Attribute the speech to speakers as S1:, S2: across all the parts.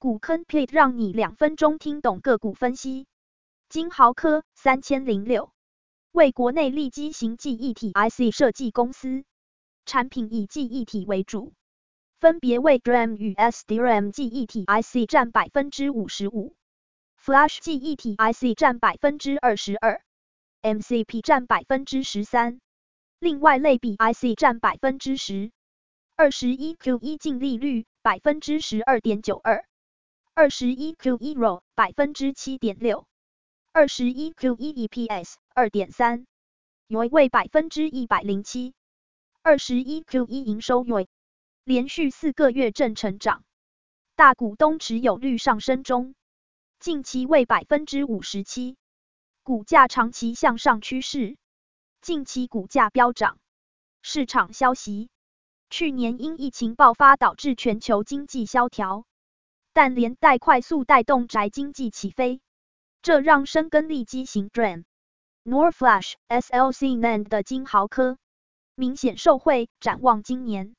S1: 股坑 pit 讓你兩分鐘聽懂個股分析。晶豪科三千零六為國內利基型記憶體 IC 設計公司，產品以記憶體為主，分別為 DRAM 與 SDRAM 記憶體 IC 占百分之五十五，Flash 記憶體 IC 占百分之二十二，MCP 占百分之十三，另外類比 IC 占百分之十。二十一 Q 一淨利率百分之十二點九二。二十一 Q1 ROE 百分之七點六，二十一 Q1 EPS 二點三，YoY 百分之一百零七，二十一 Q1 營收 YoY，連續四個月正成長，大股東持有率上升中，近期為百分之五十七，股價長期向上趨勢，近期股價飆漲，市場消息，去年因疫情爆發導致全球經濟蕭條。但連帶快速帶動宅經濟起飛，這讓深耕利基型 DRAM、NorFlash、SLC NAND 的晶豪科明顯受惠。展望今年，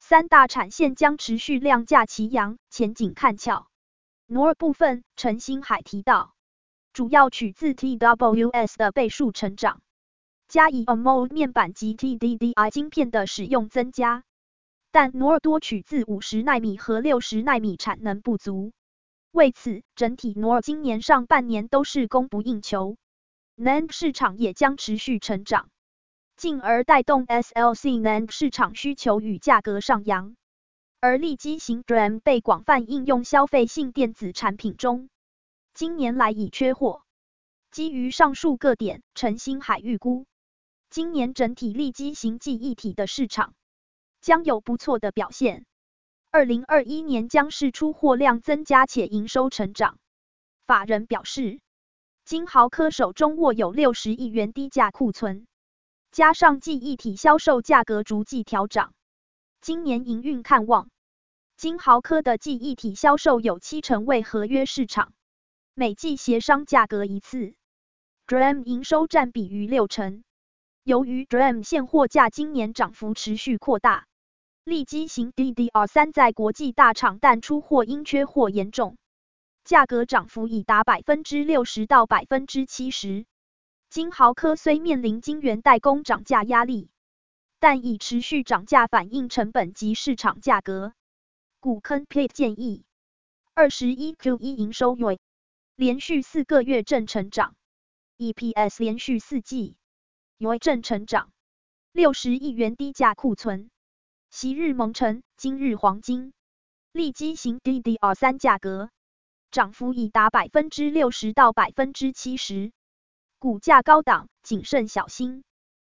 S1: 三大產線將持續量價齊揚，前景看俏。Nor 部分，陳興海提到，主要取自 TWS 的倍數成長，加以 AMOLED 面板及 TDDI 晶片的使用增加。但 Nor 多取自五十奈米和六十奈米產能不足，為此整體 Nor 今年上半年都是供不應求。NAND 市場也將持續成長，進而帶動 SLC NAND 市場需求與價格上揚。而利基型 DRAM 被廣泛應用消費性電子產品中，今年來已缺貨。基於上述各點，陳星海預估，今年整體利基型記憶體的市場，將有不錯的表現。二零二一年將是出貨量增加且營收成長。法人表示，晶豪科手中握有六十億元低價庫存，加上記憶體銷售價格逐季調漲，今年營運看旺，晶豪科的記憶體銷售有七成為合約市場，每季協商價格一次，DRAM 營收佔比逾六成。由於 DRAM 現貨價今年漲幅持續擴大。利基型 DDR3 在國際大廠淡出貨，因缺貨嚴重，價格漲幅已達百分之六十到百分之七十。晶豪科雖面臨晶圓代工漲價壓力，但已持續漲價，反映成本及市場價格。股坑 plate 建議：二十一 Q 一營收 YoY，連續四個月正成長；EPS 連續四季 YoY 正成長，六十億元低價庫存。昔日蒙塵，今日黃金。利基型 DDR 3價格漲幅已達百分之六十到百分之七十，股價高檔，謹慎小心。